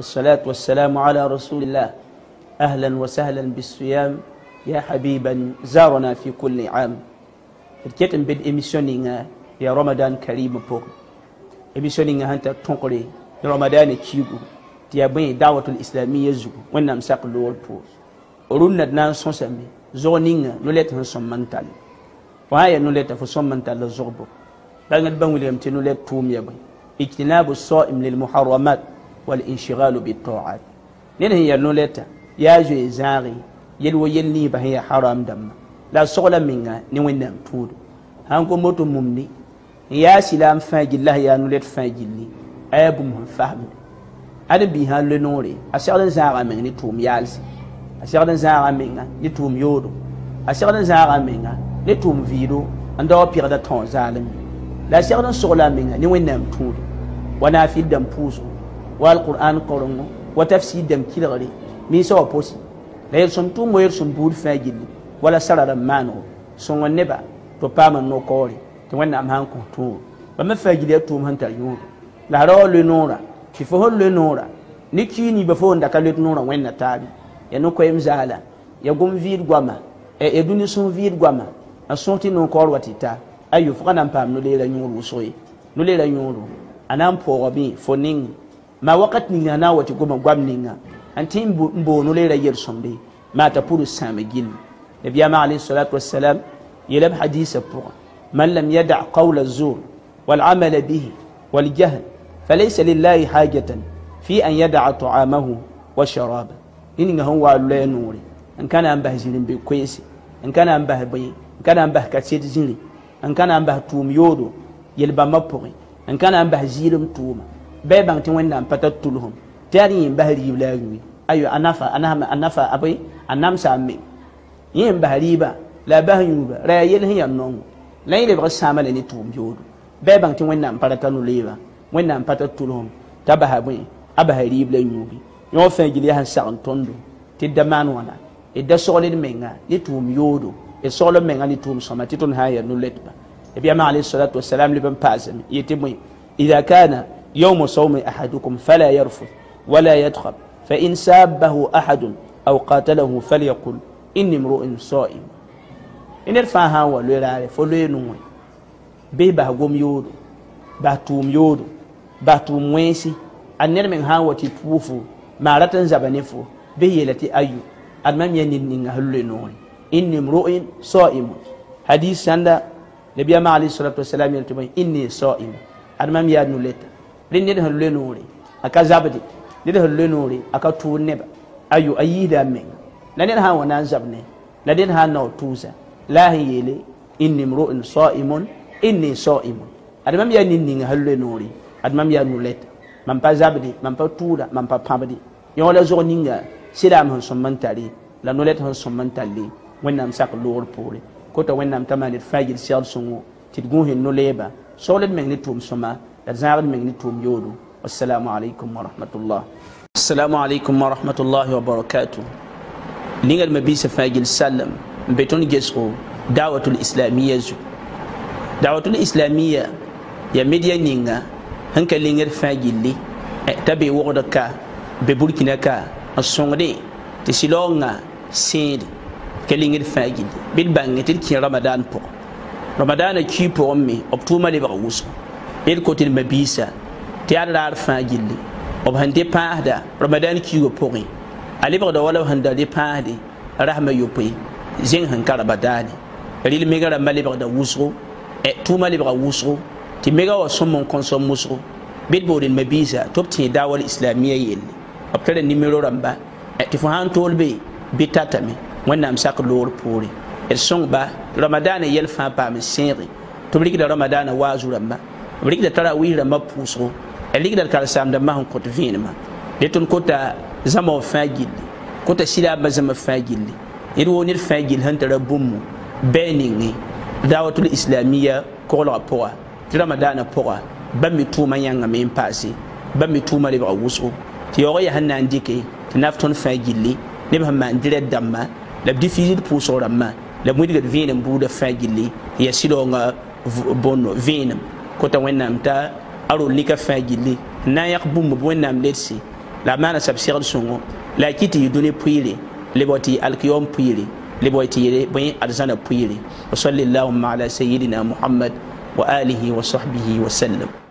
والصلاة والسلام على رسول الله أهلا وسهلا بالصيام يا حبيبا زارنا في كل عام فتكتن بد إميسيونينا يا رمضان كريم بوك إميسيونينا هانتا تنقري رمضان كيبو تيابين دعوة الإسلامية زوجو ونام ساق لور بور ورنا دنان سنسامي زونينا نولت هنسون منتال وهاي نولت فسون منتال زوجبو بانت بانولي وليم تنولت توم يبين اجتناب الصائم للمحرمات والانشغال بالطاعات نين هي نولتا يا جو زاري يلو يلني بهي حرام دم لا سغلا منا ني وين نفود هانكو موتو مومني يا سلام فاج الله يا نولت فاج لي ابو من فهم انا بي لنوري لو نوري اشغل زارا من ني توم يالس اشغل زارا من ني توم يودو اشغل زارا من ني توم اندو بيغدا تون زالم لا شغل سغلا منا ني وين نفود ونا في دم فوزو wal qur'an qorongo wa tafsir dem kilare mi so wa posi la yel son tu moyel son bur fa gilli wala sarara manu son wonne ba to pama no kore to wonna am han ko to ba ma fa gilli to han tar yoro la ro le nora ki fo hol le nora ni ni ba fo nda ka le nora wonna tabi ya no ko imzala ya gum vid gwama e eduni son vid gwama a sõti ne n kɔr wa tɩ ta fo ka na n paam no-leera yõor wʋsg ye no le la nyuru na po pʋʋg fo ning ma wakat ninga na wati goma gwam ninga anti mbono le rayel sombe ma ta puru same gil nabiya ma alayhi salatu wassalam yelab hadisa pour man lam yada qawla zur wal amala bihi wal jahl فليس لله حاجة في أن يدع طعامه وشرابه إن هو لا نور إن كان أنبه زين بكويس إن كان أنبه بي إن كان أنبه كتير زين إن كان أنبه توم يودو يلبا مبوري إن كان أنبه زين توما bɛɛ baŋ tɩ wẽnnaam pa tar tulsum tɩ yaa d yẽn basr yiib la a rũi ayo a nafa a nafa abe a nam sã n me yẽn bas riiba la a bas yũuba ra yaa yell sẽn yaa nongo la yẽ lebg sãama la ne tʋʋm yoodo bɛɛ bãng tɩ wẽnnaam pa ra tar nu-leeba wẽnnaam pa tar tulsum t'a basa bõe a basa riib la yũubi yõ fãa gil yaa sẽn sagn tõndo tɩ da maan wãna d da sogld menga ne tʋʋm yoodo d sogl menga ne tʋʋm sõma tɩ tõnd sã n yaa nu-letba nabiyaama alayhi salatu wasalam leb n paasame yetɩ bõe ida kana يوم صوم أحدكم فلا يرفض ولا يدخل فإن سابه أحد أو قاتله فليقل إني امرؤ صائم إن الفاها ولولا فلوينو بي باغوم يودو باتوم يودو باتوم ويسي أنير من هاو توفو ما رتن زبنفو بي التي أيو أدمام ينين هلوينو إني امرؤ صائم حديث سندا نبي عليه الصلاة والسلام يلتمي إني صائم أدمام يادنو لتن لن هلو نوري أكا زابدي لن هلو نوري أكا تو نبا أيو أييدا من لن ها ونان زابني لن ها نو توزا لا هي لي إني مرو إن صائم إني صائم أدمام يعني نين هلو نوري أدمام يا نولت مام با زابدي مام با تودا مام با بابدي يولا زو نينغا سلام هن سمنتالي لا نولت هن سمنتالي وينام ساق لور بوري كوتا وينام تمانير فاجر سيال سونو تدغون هن نوليبا سولد مغني توم سما زاغد من نتوم يودو والسلام عليكم ورحمة الله السلام عليكم ورحمة الله وبركاته لنغد المبيس فاجل سلم بيتون جسو دعوة الإسلامية زو دعوة الإسلامية يا ميديا نينغا هنك لنغد فاجل لي تبي وغدكا ببوركيناكا السونغدي تسيلونغا سيد كلينغد فاجل بالبانغ تلكي رمضان بو رمضان كي بو أمي أبتوما لبغوسو ned kotin mabisa tɩ yaa raar fãa gilli b sẽn dɩ paasda ramadan kiigã pʋgẽ a lebgda wala b sẽn da dɩ paasde rasmã yope zẽng sẽn ka raba daade rɩl mega rãmbã lebgda wʋsgo tʋʋmã lebga wʋsgo tɩ mega wa sõm n kõn sõm wʋsgo bɩ mabisa tɩ b tẽe daawa l islamia yelle b tara nimero rãmba tɩ fo sãn tool be bɩ tatame wẽnnaam sak loor poore d sõngba ramadaanã yɛl fãa paam n sẽege tɩ b rɩkda b rɩkda tara wɩɩs rãmbã pʋʋsgo a rɩkda d karsaamda mas n kõt vẽenemã de tõnd kota zãma b fãa gilli kota sɩdaambã zãma fãa gilli ned woo ned fãa gill sẽn tara bũmb bɛɛ ninge dawatul islamiya koglga pʋga tɩ ramadaanã pʋga bãmb me tʋʋmã yãngame n paase bãmb me tʋʋmã lebga wʋsgo tɩ yaoog yaa sẽn na n dɩke tɩ naf tõnd fãa gilli neb sẽn maan dɩrɛd dãmbã la b difiisil pʋʋsg rãmbã la b wilgd vẽenem buudã fãa gilli tɩ yaa sɩdaoongã bõn vẽenem kota wẽnnaam ta a rol nika fãa gilli n na n yãk bũmb b wẽnnaam ledsi la b maana sab segd sõngo la a kɩ tɩ yɩ dũni pʋɩɩre lebao tɩ yɩ alkiyoom pʋɩɩre lebao tɩ yɩ bõe adzãna pʋɩɩre wa sallillahuma ala sayidina mohamad wa alihi wa sahbihi wa sallam